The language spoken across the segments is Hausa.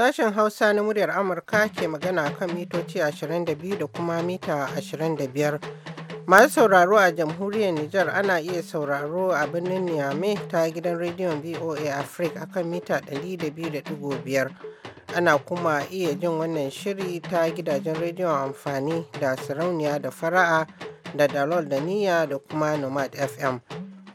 Sashen Hausa na muryar Amurka ke magana kan mitoci 22 da kuma mita 25. Masu sauraro a jamhuriyar Nijar ana iya sauraro a birnin Niamey ta gidan rediyon VOA Africa akan mita 200.5. Ana kuma iya jin wannan shiri ta gidajen rediyon amfani da sarauniya da fara'a da dalol da niyya da kuma nomad FM.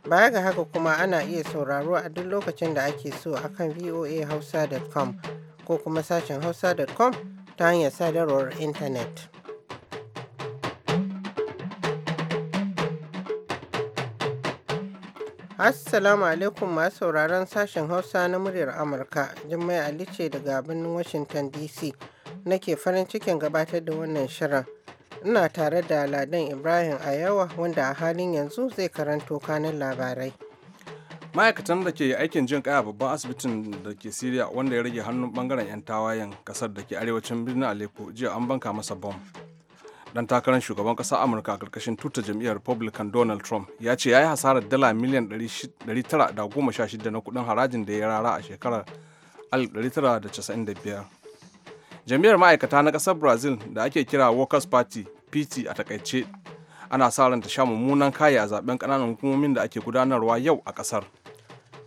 Baya ga haka kuma ana iya sauraro a duk lokacin da ake so akan voahausa.com. ko kuma sashen hausa.com ta hanyar sadarwar intanet. Assalamu alaikum masu sauraron sashen Hausa na muryar Amurka, Jummai Ali ce daga birnin Washington DC nake farin cikin gabatar da wannan shirin. Ina tare da Ladan Ibrahim a yawa wanda a halin yanzu zai karanto kanin labarai. ma'aikatan da ke aikin jin kaya babban asibitin da ke siriya wanda ya rage hannun bangaren 'yan tawayen kasar da ke arewacin birnin aleppo jiya an banka masa bom dan takarar shugaban kasar amurka a karkashin tuta jam'iyyar republican donald trump ya ce ya yi hasarar dala miliyan 916 na kudin harajin da ya rara a shekarar 1995 jami'ar ma'aikata na kasar brazil da ake kira workers party pt a takaice ana sa ran ta sha mummunan kaya a zaben kananan hukumomin da ake gudanarwa yau a kasar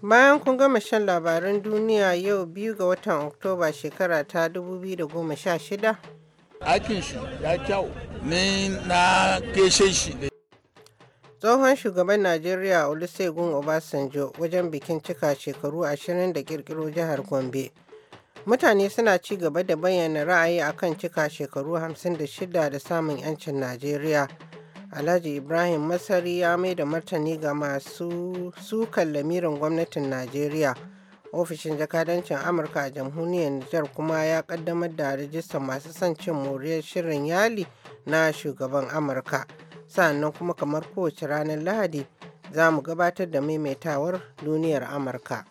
Bayan kun gama shan labaran duniya yau biyu ga watan Oktoba shekara ta 2016. Aikin shi ya kyau, ni na keshe shi da Tsohon shugaban Najeriya Olusegun Obasanjo wajen bikin cika shekaru 20 da kirkiro jihar Gombe. Mutane suna ci gaba da bayyana ra'ayi akan cika shekaru 56 da samun 'yancin Najeriya. Alhaji Ibrahim Masari ya mai da martani ga masu sukan lamirin gwamnatin Najeriya. Ofishin jakadancin Amurka a jamhuriyar Nijar kuma ya kaddamar da rajistar masu son cin moriyar shirin yali na shugaban Amurka. Sannan kuma kamar kowace ranar Lahadi za mu gabatar da maimaitawar duniyar Amurka.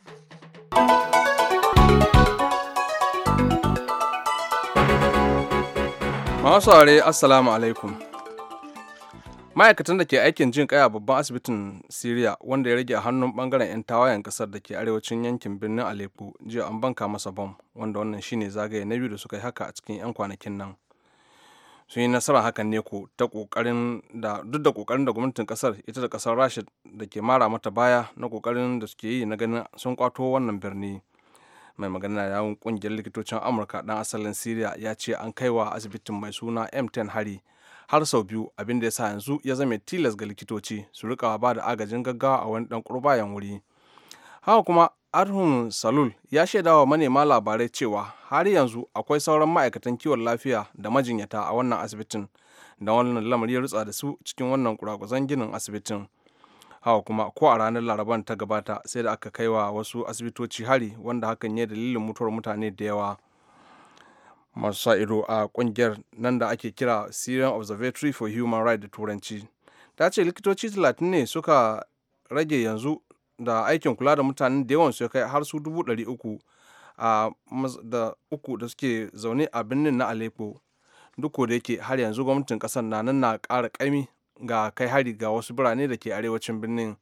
Masu assalamu alaikum. ma'aikatan da ke aikin jin kaya babban asibitin syria wanda ya rage a hannun bangaren 'yan tawayen kasar da ke arewacin yankin birnin aleppo jiya an banka masa bom wanda wannan shine zagaye na biyu da suka yi haka a cikin 'yan kwanakin nan sun yi nasara hakan ne ko ta kokarin da duk da kokarin da gwamnatin kasar ita da kasar rasha da ke mara mata baya na kokarin da suke yi na ganin sun kwato wannan birni mai magana yawon kungiyar likitocin amurka dan asalin syria ya ce an kaiwa asibitin mai suna m10 hari har sau biyu abin da ya sa yanzu ya zame tilas ga likitoci su rika ba da agajin gaggawa a wani dan kurbayan wuri haka kuma arhun salul ya shaidawa manema labarai cewa har yanzu akwai sauran ma'aikatan kiwon lafiya da majinyata a wannan asibitin da wannan lamari ya rutsa da su cikin wannan kurakuzan ginin asibitin hawa kuma ko a ranar laraban ta gabata sai da aka kai wa wasu asibitoci hari wanda hakan ya dalilin mutuwar mutane da yawa masu sa ido a kungiyar nan da ake kira syrian observatory for human rights da turanci ta ce likitoci talatin ne suka rage yanzu da aikin kula da mutanen da yawan su kai har su 300 a da uku da suke zaune a birnin na aleppo duk da yake har yanzu gwamnatin kasar na nan na ƙara ƙaimi ga kai hari ga wasu birane da ke arewacin birnin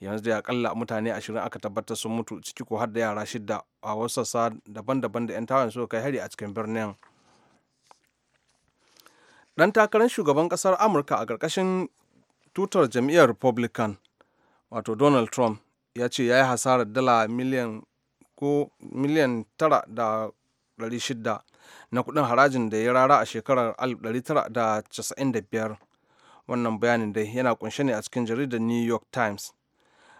yanzu da akalla mutane ashirin aka tabbatar sun mutu ciki ko har da yara shida a wasu sassa daban-daban da 'yan tawon suka kai hari a cikin birnin dan takarar shugaban kasar amurka a karkashin tutar jam'iyyar republican wato donald trump ya ce ya yi hasarar dala miliyan ko miliyan tara da ɗari shida na kuɗin harajin da ya rara a shekarar 1995 wannan bayanin dai yana kunshe ne a cikin jaridar new york times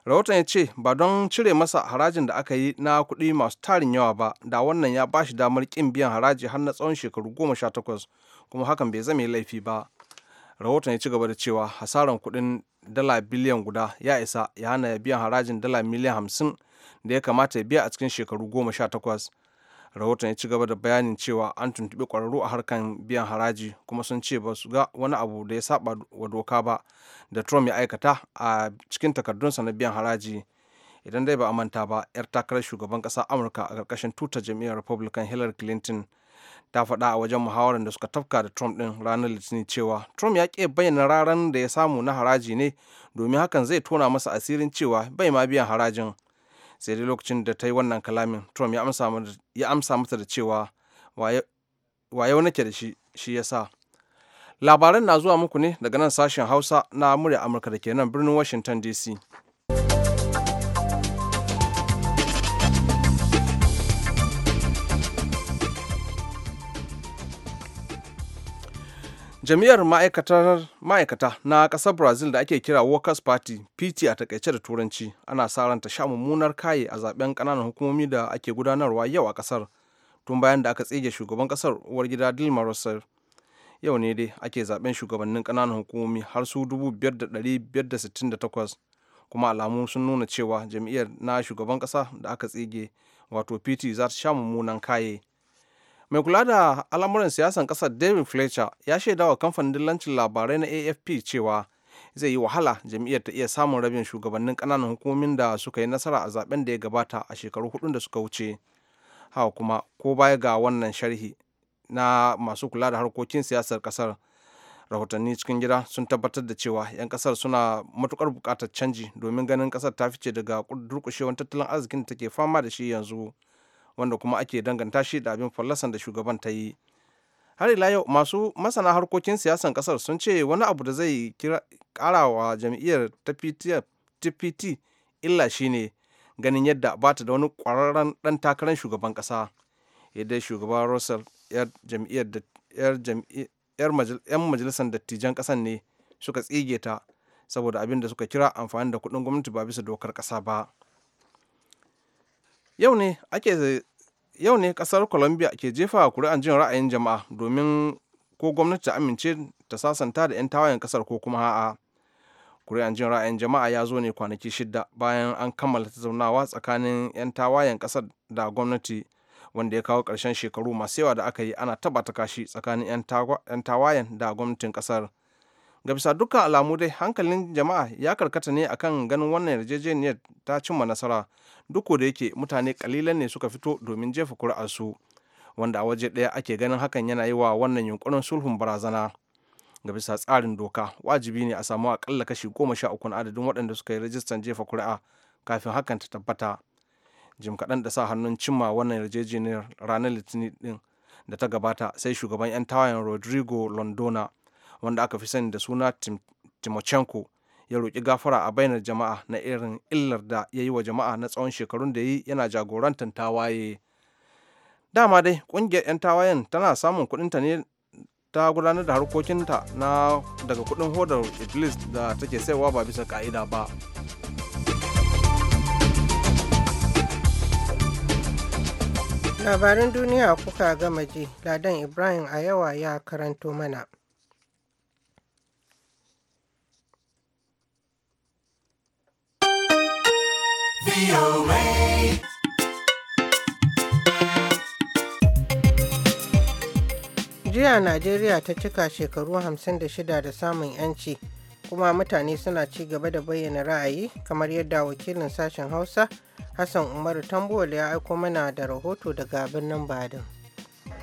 rahoton ya ce ba don cire masa harajin da aka yi na kuɗi masu tarin yawa ba da wannan ya ba shi damar kin biyan haraji har na tsawon shekaru goma sha takwas kuma hakan bai zame laifi ba rahoton ya ci gaba da cewa hasaran kuɗin dala biliyan guda ya isa ya hana biyan harajin dala miliyan hamsin da ya kamata ya biya a cikin shekaru goma sha takwas rahoton ya ci gaba da bayanin cewa an tuntuɓi ƙwararru a harkan biyan haraji kuma sun ce ba su ga wani abu da ya saba wa doka ba da trump ya aikata a cikin takardunsa na biyan haraji idan dai ba a manta ba 'yar takarar shugaban ƙasa amurka a ƙarƙashin tuta jam'iyyar republican hillary clinton ta faɗa a wajen muhawarar da suka tafka da trump ɗin ranar litinin cewa trump ya ƙi bayyana raran da ya samu na haraji ne domin hakan zai tona masa asirin cewa bai ma biyan harajin sai dai lokacin da ta yi wannan kalamin trump ya amsa mata da cewa wayo nake da shi shi ya sa labaran na zuwa muku ne daga nan sashen hausa na murya amurka da ke nan birnin washington dc Jami'ar ma'aikata na ƙasar Brazil da ake kira Workers' Party PT a takaice da Turanci ana sa ranta sha mummunar kaye a zaben ƙananan hukumomi da ake gudanarwa yau a ƙasar tun bayan da aka tsige shugaban ƙasar uwar gida Dilma Rousseff. Yau ne dai ake zaben shugabannin ƙananan hukumomi har su 5,568 kuma alamu sun nuna cewa jam'iyyar na shugaban ƙasa da aka tsige wato PT za ta sha mummunan kaye. mai kula da al'amuran siyasan kasar david fletcher ya shaida wa kamfanin dillancin labarai na afp cewa zai yi wahala jam'iyyar ta iya samun rabin shugabannin kananan hukumomin da suka yi nasara a zaben da ya gabata a shekaru hudun da suka wuce hawa kuma ko baya ga wannan sharhi na masu kula da harkokin siyasar kasar rahotanni cikin gida sun tabbatar da cewa 'yan kasar suna matukar bukatar canji domin ganin kasar ta fice daga durkushewar tattalin arzikin da take fama da shi yanzu wanda kuma ake danganta shi da abin fallasan da shugaban ta yi har ila yau masu masana harkokin siyasan kasar sun ce wani abu da zai kara wa jam'iyyar tpt illa shine ganin yadda ba ta da wani kwararren dan takarar shugaban kasa yadda shugaban russell yan majalisar dattijan kasan ne suka tsige ta saboda abin da suka kira amfani da kuɗin gwamnati ba bisa dokar kasa ba Yau ne kasar Colombia ke jefa kuri'an jin ra'ayin jama'a domin ko gwamnati ta amince ta sasanta da 'yan tawayen kasar ko kuma a'a. kuri'an jin ra'ayin jama'a ya zo ne kwanaki shida bayan an kammala tattaunawa tsakanin 'yan tawayen kasar da gwamnati wanda ya kawo ƙarshen shekaru masu yawa da aka yi ana ta kashi tsakanin 'yan tawayen da gwamnatin kasar. ga bisa dukkan alamu dai hankalin jama'a ya karkata ne akan ganin wannan yarjejeniyar ta cimma nasara duk da yake mutane kalilan ne suka fito domin jefa kuri'arsu wanda a waje ɗaya ake ganin hakan yana yi wa wannan yunkurin sulhun barazana ga bisa tsarin doka wajibi ne a samu akalla kashi goma sha uku na adadin waɗanda suka yi rajistan jefa kuri'a kafin hakan ta tabbata jim kaɗan da sa hannun cimma wannan yarjejeniyar ranar litinin din da ta gabata sai shugaban 'yan tawayen rodrigo londona wanda aka fi sani da suna timochenko ya roƙi gafara a bainar jama'a na irin illar da ya yi wa jama'a na tsawon shekarun da yi yana jagorantar tawaye dama dai ƙungiyar 'yan tawayen tana samun kuɗinta ne ta gudanar da harkokinta na daga kuɗin hodar iblis da take saiwa ba bisa ka'ida ba labarin duniya kuka gama ji ladan ibrahim a yawa ya karanto mana Jiya Najeriya ta cika shekaru 56 da samun 'yanci kuma mutane suna ci gaba da bayyana ra'ayi kamar yadda wakilin sashen Hausa Hassan Umaru Tambuwal ya aiko mana da rahoto daga birnin Badin.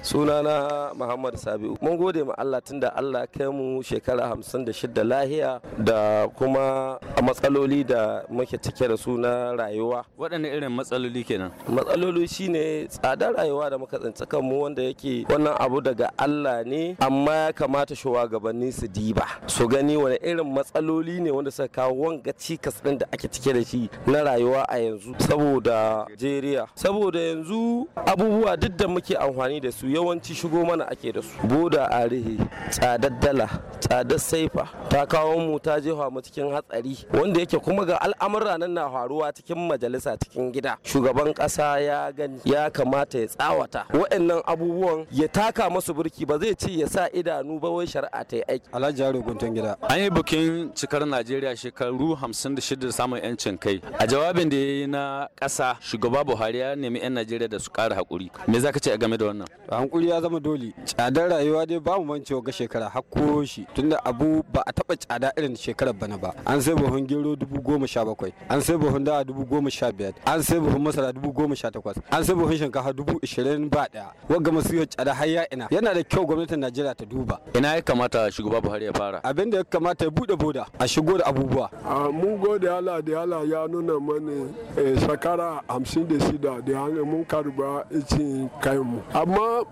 sunana muhammad sabiu mun gode ma allah tun da allah kai mu shekara hamsin da shidda lahiya da kuma matsaloli da muke cike da su rayuwa waɗanne irin matsaloli kenan matsaloli shine tsadar rayuwa da muka tsinci kanmu wanda yake wannan abu daga allah ne amma ya kamata shugabanni su diba su gani wani irin matsaloli ne wanda suka kawo wanga cikas ɗin da ake cike da shi na rayuwa a yanzu saboda jeriya saboda yanzu abubuwa duk da muke amfani da su yawanci shigo mana ake da su boda arihi tsadar dala tsadar saifa ta kawo mu ta jefa mu cikin hatsari wanda yake kuma ga al'amura nan na faruwa cikin majalisa cikin gida shugaban kasa ya gani ya kamata ya tsawata waɗannan abubuwan ya taka masu burki ba zai ce ya sa idanu ba wai shari'a ta yi aiki alhaji jaro guntun gida an yi bikin cikar najeriya shekaru 56 da samun yancin kai a jawabin da ya yi na kasa shugaba buhari ya nemi 'yan najeriya da su kara hakuri me za ka ce game da wannan hankuri ya zama dole tsadar rayuwa dai ba mu mancewa ga shekara hakko shi tunda abu ba a taba tsada irin shekarar bana ba an sai buhun gero dubu goma sha bakwai an sai buhun dawa dubu goma sha biyar an sai buhun masara dubu goma sha takwas an sai buhun shinkafa dubu ishirin ba daya wagga masu tsada har ya ina yana da kyau gwamnatin najeriya ta duba ina ya kamata shugaba buhari ya fara abin da ya kamata ya bude boda a shigo da abubuwa mun gode ala da ala ya nuna mana eh, shekara hamsin da shida da mun karba icin mu amma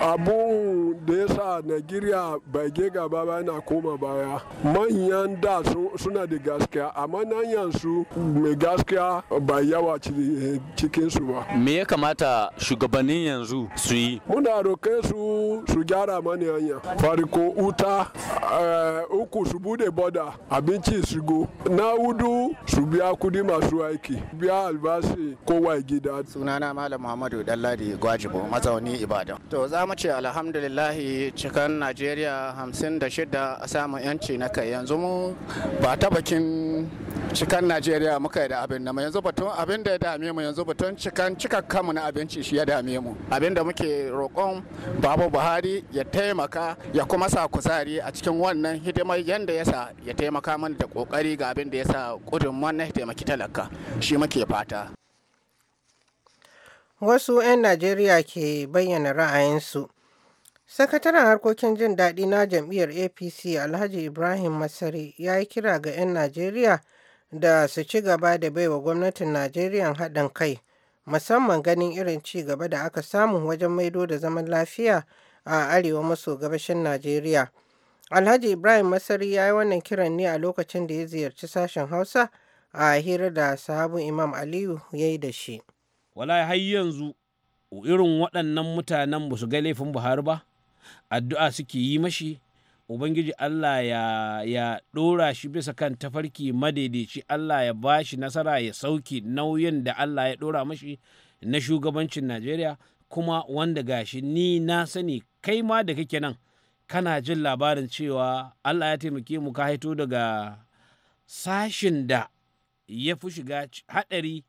abun da ya sa nigeria bage gaba ba yana koma baya manyan da suna da gaskiya amma nan yansu mai gaskiya ba yawa su ba me ya kamata shugabannin yanzu su yi muna roƙe su su gyara mani hanya fariko uta eh, uku su bude boda abinci go na hudu su biya kudi masu aiki biya albasi kowa gida sunana malam muhammadu dalladi gwajibo mazauni ibadan za mu ce alhamdulillahi cikan najeriya 56 a samun yanci na kai yanzu mu ba ta bakin cikan najeriya muka yi da abin da yanzu batun abin da ya dame mu yanzu batun cikan mu na abinci shi ya dame mu abin da muke roƙon babu buhari ya taimaka ya kuma sa kuzari a cikin wannan hidimar yadda ya sa ya taimaka mana da ƙoƙari ga abin da ya sa ƙudun wannan taimaki talaka shi muke fata wasu 'yan Najeriya ke bayyana ra'ayinsu. Sakataren harkokin jin daɗi na jam'iyyar APC Alhaji Ibrahim Masari ya yi kira ga 'yan Najeriya da su ci gaba da baiwa gwamnatin Najeriya haɗin kai, musamman ganin irin ci gaba da aka samu wajen maido da zaman lafiya a arewa maso gabashin Najeriya. Alhaji Ibrahim Masari ya yi wannan kiran ne a lokacin da ya ziyarci sashen Hausa a hira da sahabu Imam Aliyu ya yi da shi. wala har yanzu irin waɗannan mutanen ba su ga laifin buhari ba addu'a suke yi mashi ubangiji allah ya ya ɗora shi bisa kan tafarki madaidaici allah ya ba shi nasara ya sauki nauyin da allah ya ɗora mashi na shugabancin najeriya kuma wanda gashi ni na sani kai ma da kake nan kana jin labarin cewa allah ya taimake mu ka haito daga sashin da ya fi shiga haɗari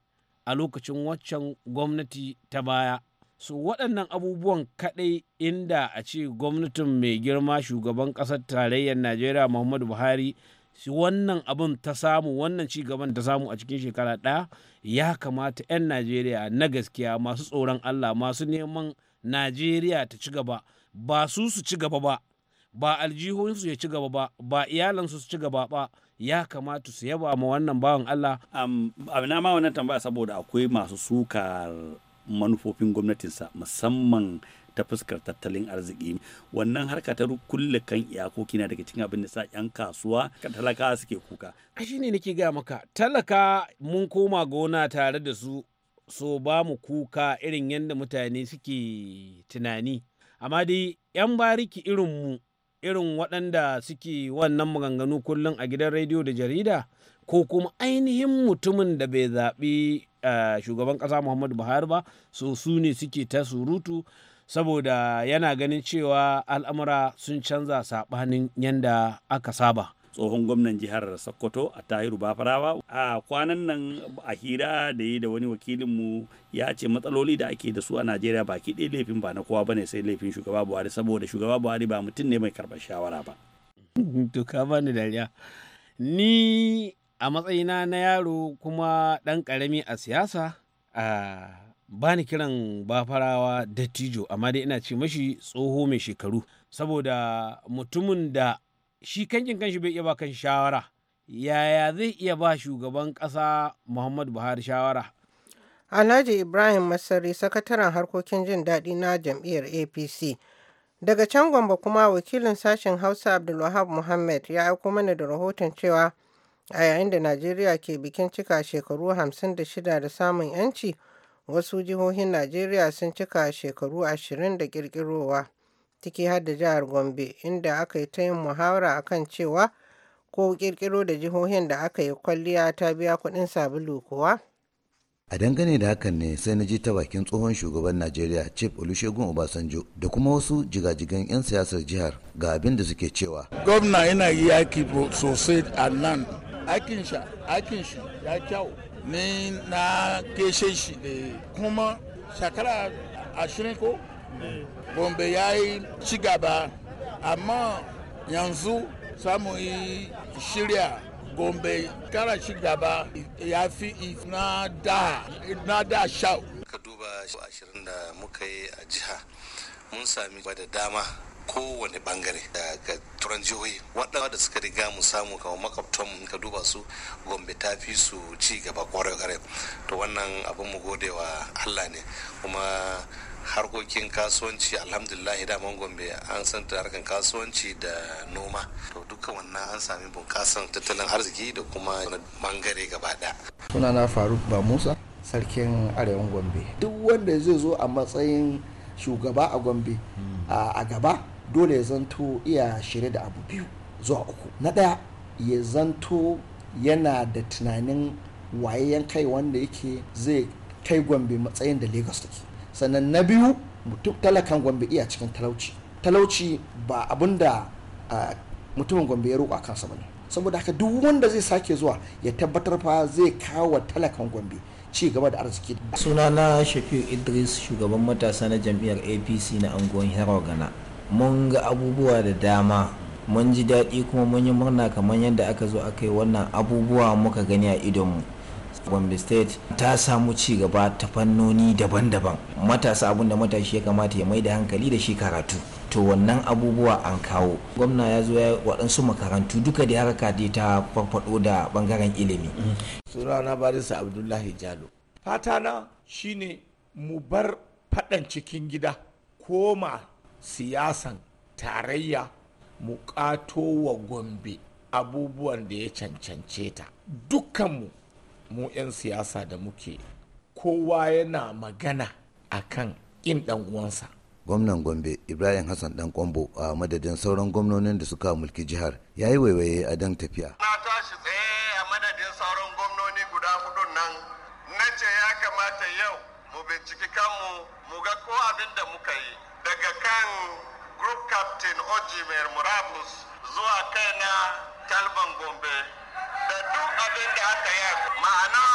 a lokacin waccan gwamnati ta baya su waɗannan abubuwan kaɗai inda a ce gwamnatin mai girma shugaban ƙasar tarayyar najeriya muhammadu buhari wannan abin ta samu wannan ci gaban ta samu a cikin shekara ɗaya ya kamata 'yan najeriya na gaskiya masu tsoron allah masu neman najeriya ta ci gaba ba su su ci gaba ba ba aljihunsu ya ci gaba ba ba iyalansu su ci gaba ba ya kamata su yaba ma wannan bawan Allah. na ma wannan tambaya saboda akwai masu sukar manufofin gwamnatinsa musamman ta fuskar tattalin arziki wannan harka ta kulle kan iyakoki na daga cikin abin da sa 'yan kasuwa talaka suke kuka. A shi ne nake gaya maka talaka mun koma gona tare da su so ba mu kuka irin yadda mutane suke tunani amma dai 'yan bariki irin mu irin waɗanda suke wannan maganganu kullum a gidan rediyo da jarida ko kuma ainihin mutumin da bai zaɓi eh, shugaban ƙasa muhammadu buhari ba so su ne suke ta surutu saboda yana ganin cewa al'amura sun canza saɓanin yadda aka saba tsohon gwamnan jihar sokoto a tahiru bafarawa a kwanan nan a hira da yi da wani wakilinmu ya ce matsaloli da ake da su a najeriya baki ɗaya laifin ba na kowa bane sai laifin shugaba buhari saboda shugaba buhari ba mutum ne mai karɓar shawara ba to ba bani dariya ni a matsayina na yaro kuma ɗan ƙarami a siyasa ba ni kiran bafarawa dattijo amma dai ina ce mashi tsoho mai shekaru saboda mutumin da shi kankin kanshi bai iya ba kan shawara yaya zai iya ba shugaban ƙasa muhammadu buhari shawara alhaji ibrahim masari sakataren harkokin jin daɗi na jam'iyyar apc daga can gwamba kuma wakilin sashen hausa abdulwahab muhammad ya aiko mana da rahoton cewa a yayin da najeriya ke bikin cika shekaru 56 da samun yanci wasu jihohin najeriya sun cika shekaru 20 da kirkirowa ciki har da jihar Gombe inda aka yi ta yin muhawara a kan cewa ko kirkiro da jihohin da aka yi kwalliya ta biya kuɗin sabulu kuwa. a dangane da hakan ne sai na ji ta bakin tsohon shugaban najeriya chief olusegun obasanjo da kuma wasu jigajigan 'yan siyasar jihar ga abin da suke cewa gwamna yana yi yaki sosai a nan Akin sha, akin shi ya kyau ni na keshe shi da eh, kuma shakara ashirin ko gombe ya yi cigaba amma yanzu samu yi shirya gombe kara cigaba ya fi na da shau ka duba ashirin da muka yi a jiha mun sami da dama kowane bangare daga turan jihohi waɗanda da suka riga mu samu kamar makwabtan ka duba su gombe ta fi su ci gaba kwarai to wannan abin mu gode wa allah ne kuma harkokin kasuwanci alhamdulillah daman gombe an san ta harkan kasuwanci da noma to duka wannan an sami bunƙasan tattalin arziki da kuma bangare gaba ɗaya sunana faruk ba musa sarkin arewan gombe duk wanda zai zo a matsayin shugaba a gombe a gaba dole ya zanto iya shirye da abu biyu zuwa uku na daya ya zanto yana da tunanin wayayyen kai wanda yake zai kai gombe matsayin da lagos take sannan na biyu mutum talakan gombe iya cikin talauci talauci ba abin da mutumin gombe ya roƙa kansa ba ne saboda haka duk wanda zai sake zuwa ya tabbatar fa zai kawo wa talakan gombe ci gaba da arziki suna na shafiu idris shugaban matasa na jam'iyyar apc na unguwar hero gana mun ga abubuwa da dama mun ji daɗi kuma mun yi murna kamar yadda aka zo aka yi wannan abubuwa muka gani a idonmu gombe state ta samu ci gaba ta fannoni daban-daban matasa abun da matashi ya kamata ya mai da hankali da shi karatu to wannan abubuwa an kawo gwamna ya zo ya waɗansu makarantu duka da haraka dai ta farfaɗo da ɓangaren ilimi sunana barisa abdullahi jalo fatana shine mu bar faɗan cikin gida koma siyasan tarayya mu kato wa gombe abubuwan da ya cancance ta dukkanmu mu 'yan siyasa da muke kowa yana magana a kan ƙin ɗan uwansa gwamnan gombe ibrahim hassan dan kwambo a madadin sauran gwamnonin da suka mulki jihar ya yi waiwaye a dan tafiya na tashi tsaye a madadin sauran gwamnoni guda hudu nan na ce ya kamata yau mu binciki kanmu mu ga ko abin da muka yi daga kan group captain oji mai murabus zuwa kaina talban gombe da duk abin da aka yi ma'ana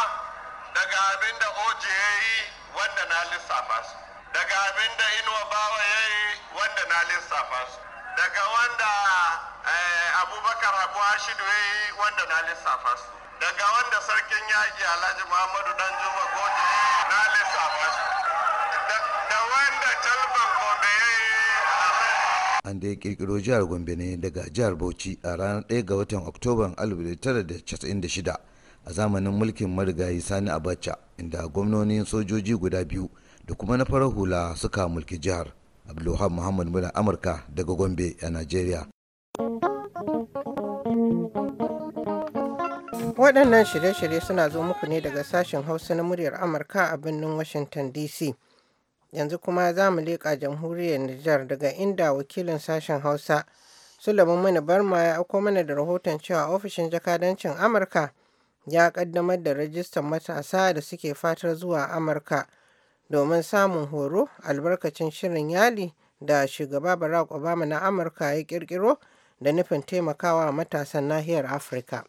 daga abin da oji ya yi wanda na lissafa su daga abin da inuwa bawa ya yi wanda na lissafa su daga wanda eh, abubakar abu hashidu ya yi wanda na lissafa su daga wanda sarkin yaƙi alhaji muhammadu danjuma goji na lissafa su da wanda talban an da ya kirkiro jihar gombe ne daga jihar bauchi a ranar 1 ga watan oktoban 1996 a zamanin mulkin marigayi sani abacha inda gwamnonin sojoji guda biyu da kuma na farar hula suka mulki jihar abdulhamid muhammad muna amurka daga gombe a nigeria waɗannan shirye-shirye suna zo muku ne daga sashen hausa na muryar amurka a birnin washington dc yanzu kuma za mu leƙa jamhuriyar Nijar daga inda wakilin sashen Hausa Sulaiman bar Barma ya auko mana da rahoton cewa ofishin jakadancin Amurka ya kaddamar da rajistan matasa da suke fatar zuwa Amurka domin samun horo albarkacin shirin yali da shugaba Barack Obama na Amurka ya kirkiro da nufin taimakawa matasan nahiyar Afirka.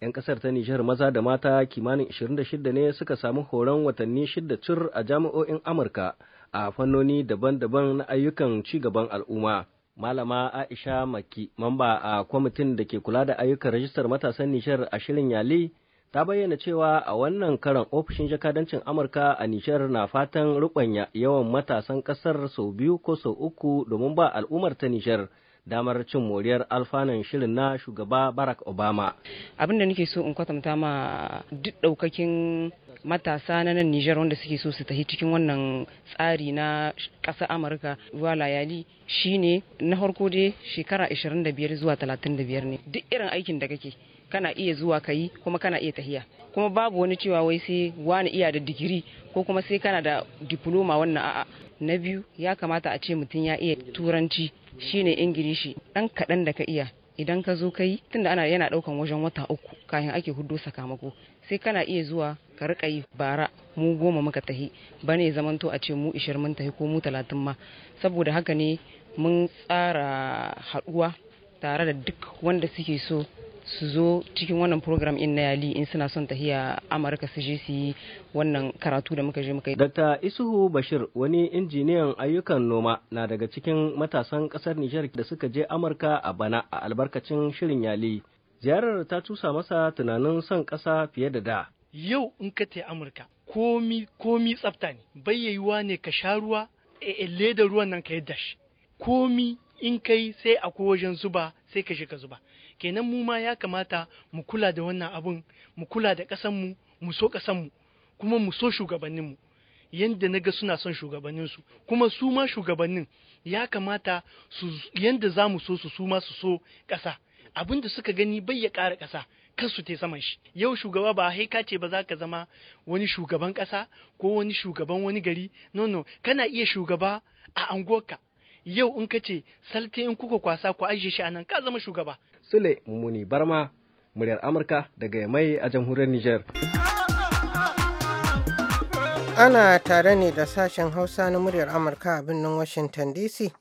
'Yan ƙasar ta Nijar maza da mata kimanin 26 ne suka samu horon watanni shida cir a jami'o'in Amurka a fannoni daban-daban na ayyukan ci gaban al'umma. Malama Aisha Maki, mamba a kwamitin da ke kula da ayyukan rajistar matasan Nijar a shirin Yali, ta bayyana cewa a wannan karan ofishin jakadancin Amurka a Nijar na fatan rubanya yawan matasan ƙasar sau biyu ko sau uku domin ba al'ummar ta Nijar. damar cin moriyar alfanan shirin na shugaba barack obama abin da nake so in kwatanta ma duk daukakin matasa na nan nijar wanda suke so su tafi cikin wannan tsari na ƙasa amurka wala layali shine na harko dai shekara 25 zuwa 35 ne duk irin aikin da kake kana iya zuwa ka yi kuma kana iya tahiya kuma babu wani cewa wai sai wani iya da digiri ko kuma sai kana da diploma wannan a'a na biyu ya kamata a ce mutum ya iya turanci shine ingilishi dan kaɗan da ka iya idan ka zo ka yi tunda ana yana ɗaukan wajen wata uku kayan ake hudu sakamako sai kana iya zuwa ka rika yi bara mu goma muka tahi bane zamanto a ce mu ishirin mun tahi ko mu talatin ma saboda haka ne mun tsara haɗuwa tare da duk wanda suke so su zo cikin wannan program in na yali in suna son tahiya amurka su je su yi wannan karatu da muka je muka yi dr isuhu bashir wani injiniyan ayyukan noma na daga cikin matasan kasar nijar da suka je amurka a bana a albarkacin shirin yali ziyarar ta tusa masa tunanin son kasa fiye da da yau in ka ta amurka komi komi tsafta ne bayyayuwa ne ka sha ruwa e eh, eh, da ruwan nan ka yi dash komi in kai sai akwai wajen zuba sai ka shiga zuba kenan mu ma ya kamata mu kula da wannan abun mu kula da ƙasanmu mu so ƙasanmu kuma mu so shugabanninmu yadda na ga suna son shugabanninsu kuma su ma shugabannin ya kamata su yadda za mu so su su ma su so ƙasa abin da suka gani bai ya kara kasa kar su te saman shi yau shugaba ba haika ce ba za ka zama wani shugaban kasa ko wani shugaban wani gari no no kana iya shugaba a anguwarka yau in ka ce salte in kuka kwasa ku ajiye shi anan ka zama shugaba Sule Mummuni Barma, muryar Amurka daga Yamai a jamhuriyar Nijar. Ana tare ne da sashen Hausa na muryar Amurka a birnin Washington DC.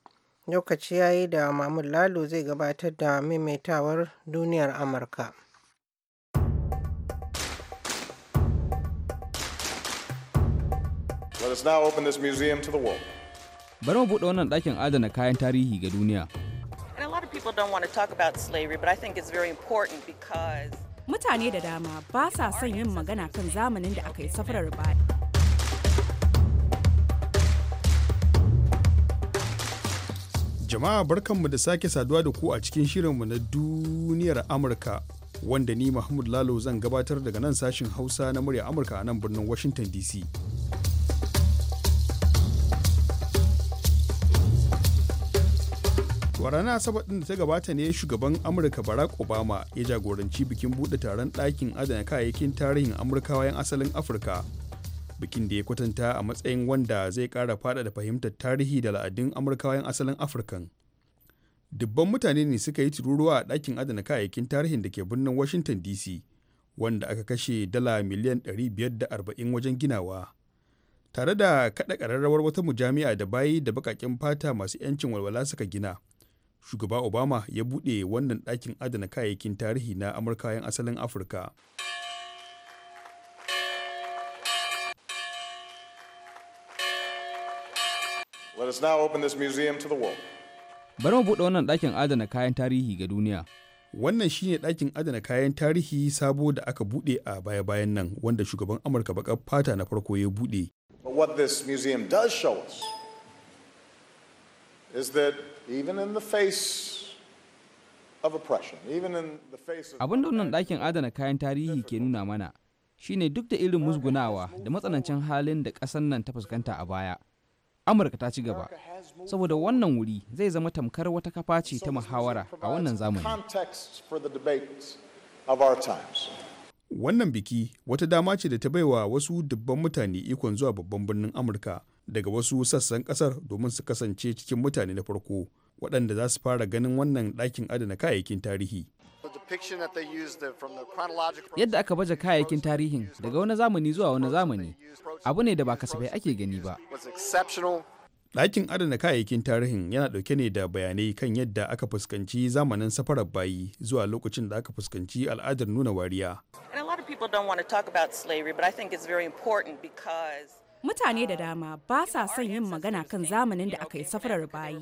Lokaci ya yi da Mamun Lalo zai gabatar da maimaitawar duniyar Amurka. Let us now Bari mu buɗe wannan ɗakin adana kayan tarihi ga duniya. people don't want to talk about slavery, important because Mutane da dama ba sa son yin magana kan zamanin da aka yi safarar baɗi. Jama'a barkanmu da sake saduwa da ku a cikin shirinmu na duniyar Amurka wanda ni Mahmud Lalo zan gabatar daga nan sashin Hausa na murya Amurka a nan birnin Washington DC. barana asabar din da ta gabata ne shugaban amurka barack obama ya jagoranci bikin buɗe taron ɗakin adana kayayyakin tarihin amurkawa 'yan asalin afirka bikin da ya kwatanta a matsayin wanda zai ƙara da fahimtar tarihi da la'adun amurkawa 'yan asalin afirkan dubban mutane ne suka yi tururuwa a ɗakin adana kayayyakin tarihin da ke birnin washington dc wanda aka kashe dala miliyan ɗari biyar da arba'in wajen ginawa tare da kaɗa ƙararrawar wata mujami'a da bayi da baƙaƙen fata masu 'yancin walwala suka gina shugaba obama ya buɗe wannan ɗakin adana kayayyakin tarihi na amurkayen asalin afirka Bari mu buɗe wannan ɗakin adana kayan tarihi ga duniya. Wannan shine ɗakin adana kayan tarihi sabo da aka buɗe a baya-bayan nan wanda shugaban Amurka baƙar fata na farko ya buɗe. museum does show even in the face Abin da wannan ɗakin adana kayan tarihi ke nuna mana shine duk da irin musgunawa da matsanancin halin da ƙasar nan ta fuskanta a baya. Amurka ta ci gaba, saboda wannan wuri zai zama tamkar wata kafa ce ta muhawara a wannan zamani. Wannan biki wata dama ce da ta baiwa wasu dubban mutane ikon zuwa babban birnin Amurka. daga wasu sassan kasar domin su kasance cikin mutane na farko waɗanda za su fara ganin wannan ɗakin adana kayayyakin tarihi. Yadda aka baje kayayyakin tarihin daga wani zamani zuwa wani zamani abu ne da ba kasafai ake gani ba. Ɗakin adana kayayyakin tarihin yana ɗauke ne da bayanai kan yadda aka fuskanci zamanin safarar bayi zuwa lokacin da aka fuskanci al'adar nuna wariya. mutane da dama ba sa son yin magana kan zamanin da aka yi safarar bayi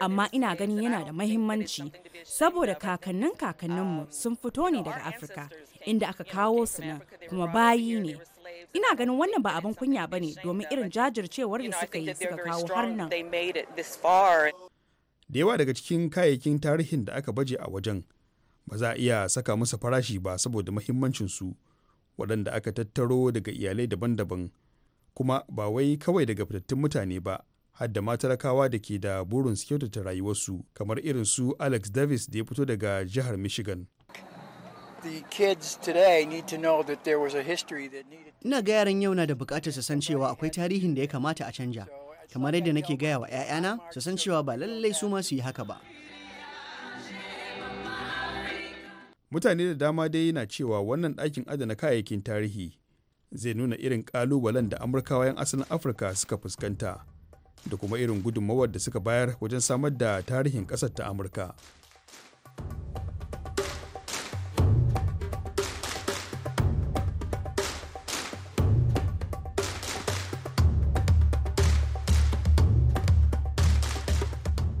amma ina ganin yana da mahimmanci saboda kakannin kakanninmu sun fito ne daga afirka inda aka kawo su nan kuma bayi ne ina ganin wannan ba abin kunya ba ne domin irin jajircewar da suka yi suka kawo har nan da yawa daga cikin kayayyakin tarihin da aka baje a wajen ba za a iya saka musu farashi ba saboda mahimmancinsu waɗanda aka tattaro daga iyalai daban-daban kuma ba wai kawai daga fitattun mutane ba har da talakawa da ke da burin su kyautata rayuwarsu kamar irin su alex davis da ya fito daga jihar michigan ina ga yaran yau na da bukatar su san cewa akwai tarihin da ya kamata a canja kamar yadda nake gaya wa 'ya'yana su san cewa ba lallai su ma su yi haka ba mutane da dama dai na cewa wannan ɗakin adana kayayyakin tarihi zai nuna irin ƙalubalen da amurkawa 'yan asalin afirka suka fuskanta da kuma irin gudunmawar da suka bayar wajen samar da tarihin ƙasar ta amurka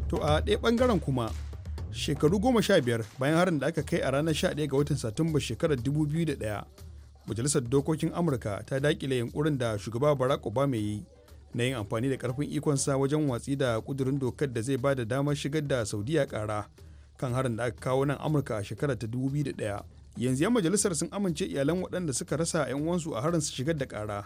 to a ɗaya ɓangaren kuma shekaru goma sha biyar bayan harin da aka kai a ranar 11 ga watan satumba shekarar 2001 majalisar dokokin amurka ta daƙile yunkurin da shugaba barack obama yi na yin amfani da karfin ikonsa wajen watsi da kudurin dokar da zai ba da damar shigar da saudiya kara kan harin da aka kawo nan amurka a shekara ta 2001 yanzu yan majalisar sun amince iyalan waɗanda suka rasa 'yan uwansu a harin su shigar da kara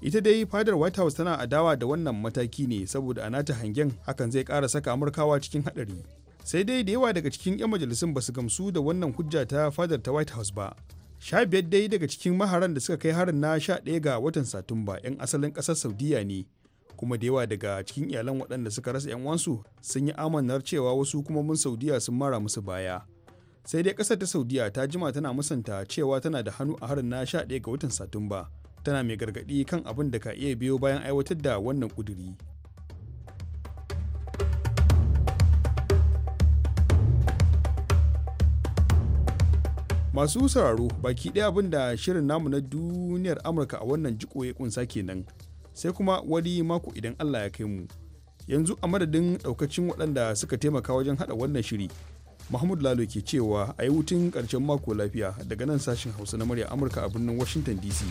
ita dai fadar white house tana adawa da wannan mataki ne saboda a nata hangen hakan zai ƙara saka amurkawa cikin haɗari sai dai da yawa daga cikin 'yan majalisun ba su gamsu da wannan hujja ta fadar ta white house ba sha biyar dai daga cikin maharan da suka kai harin na sha ɗaya ga watan satumba 'yan asalin ƙasar saudiya ne kuma da yawa daga cikin iyalan waɗanda suka rasa 'yan wansu sun yi amanar cewa wasu kuma mun saudiya sun mara musu baya sai dai ƙasar ta saudiya ta jima tana musanta cewa tana da hannu a harin na sha ɗaya ga watan satumba tana mai gargaɗi kan abin da ka iya biyo bayan aiwatar da wannan ƙuduri masu sauraro baki ɗaya abin da shirin namu na duniyar amurka a wannan jiko ya kunsa kenan sai kuma wani mako idan allah ya kai mu yanzu a madadin ɗaukacin waɗanda suka taimaka wajen haɗa wannan shiri mahmud lalo ke cewa a yi hutun ƙarshen mako lafiya daga nan sashen hausa na murya amurka a birnin washington dc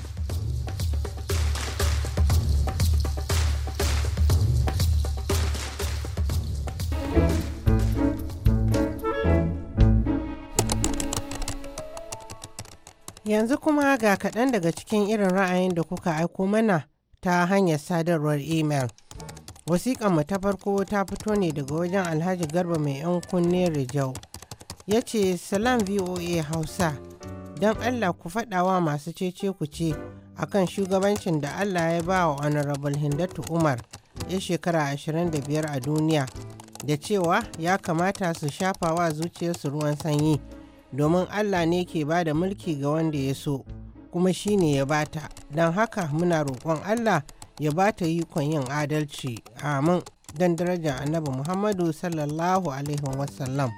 Yanzu kuma ga kaɗan daga cikin irin ra'ayin da kuka aiko mana ta hanyar sadarwar imel. mu ta farko ta fito ne daga wajen Alhaji Garba mai 'yan kunne Rijau. Ya ce, Salam VOA Hausa, don Allah ku faɗawa masu cece ku ce akan shugabancin da Allah ya ba wa Honorable Hindatu Umar ya shekara 25 a duniya da cewa ya kamata su shafa wa zuciyarsu ruwan sanyi. domin Allah ne ke ba da mulki ga wanda ya so kuma shi ne ya bata don haka muna roƙon Allah ya bata ikon yin adalci amin don darajar annabi Muhammadu sallallahu alaihi wasallam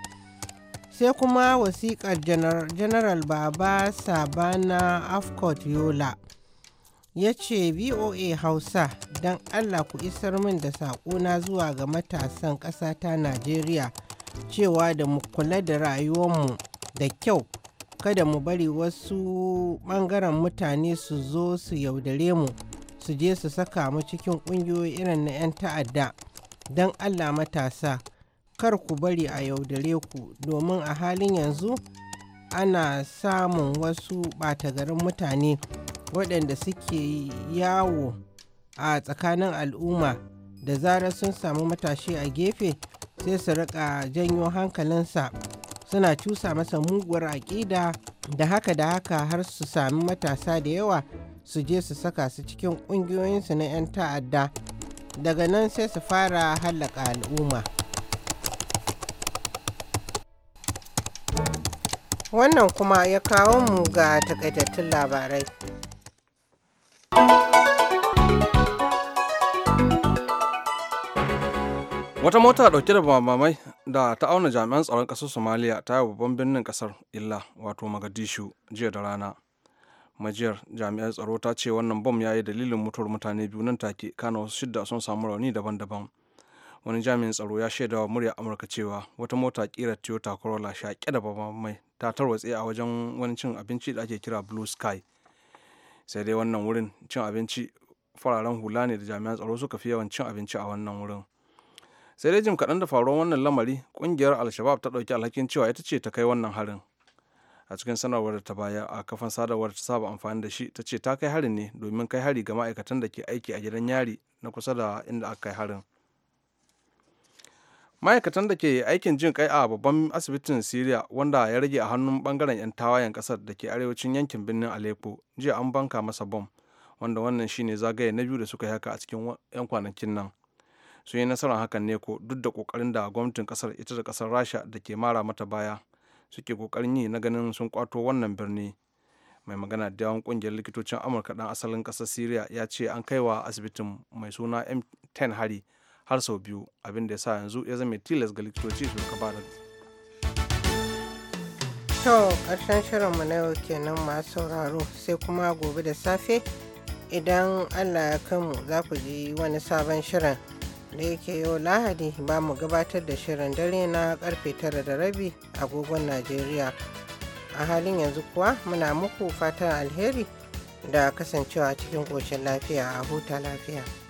sai kuma wasiƙar general baba sabana afcot yola ya ce voa hausa don allah ku isar min da saƙona zuwa ga matasan ƙasa ta najeriya cewa da mu kula da rayuwarmu da kyau kada mu bari wasu ɓangaren mutane su zo su yaudare mu su je su saka mu cikin ƙungiyoyi irin na 'yan ta'adda don allah matasa kar ku bari a yaudare ku domin a halin yanzu ana samun wasu ɓata garin mutane waɗanda suke yawo a tsakanin al'umma da zarar sun samu matashi a gefe sai su riƙa janyo hankalinsa suna cusa masa muguwar aƙida da haka da haka har su sami matasa da yawa su je su saka su cikin ƙungiyoyinsu na 'yan ta'adda daga nan sai su fara hallaka al'umma wannan kuma ya kawo mu ga takaitattun labarai wata mota dauke da mamamai da ta auna jami'an tsaron ƙasar somaliya ta yi babban birnin ƙasar illa wato magadishu jiya da rana majiyar jami'an tsaro ta ce wannan bom ya yi dalilin mutuwar mutane biyu nan take kana wasu shidda sun samu rauni daban-daban wani jami'in tsaro ya shaida wa murya amurka cewa wata mota kira toyota corolla shaƙe da babban mai ta tarwatse a wajen wani cin abinci da ake kira blue sky sai dai wannan wurin cin abinci fararen hula ne da jami'an tsaro suka fi yawan cin abinci a wannan wurin sai dai jim kaɗan da faruwar wannan lamari ƙungiyar alshabab ta ɗauki alhakin cewa ita ce ta kai wannan harin a cikin sanarwar da ta baya a kafan sadarwar ta saba amfani da shi ta ce ta kai harin ne domin kai hari ga ma'aikatan da ke aiki a gidan yari na kusa da inda aka kai harin ma'aikatan da ke aikin jin kai a babban asibitin syria wanda ya rage a hannun bangaren 'yan tawayen kasar da ke arewacin yankin birnin aleppo jiya an banka masa bom wanda wannan shine zagaye na biyu da suka yi haka a cikin 'yan kwanakin nan sun yi nasarar hakan ne ko duk da kokarin da gwamnatin kasar ita da kasar rasha da ke mara mata baya suke kokarin yi na ganin sun kwato wannan birni mai magana da yawan kungiyar likitocin amurka dan asalin kasar syria ya ce an kai wa asibitin mai suna m10 hari har sau biyu abin da ya sa yanzu ya zama tilas ga likitoci su gaba da to karshen mu na yau kenan masu sauraro sai kuma gobe da safe idan allah ya kanmu za ku ji wani sabon shirin da yake yau lahadi ba mu gabatar da shirin dare na karfe tara da rabi agogon najeriya a halin yanzu kuwa muna muku fatan alheri da kasancewa cikin koshin lafiya a huta lafiya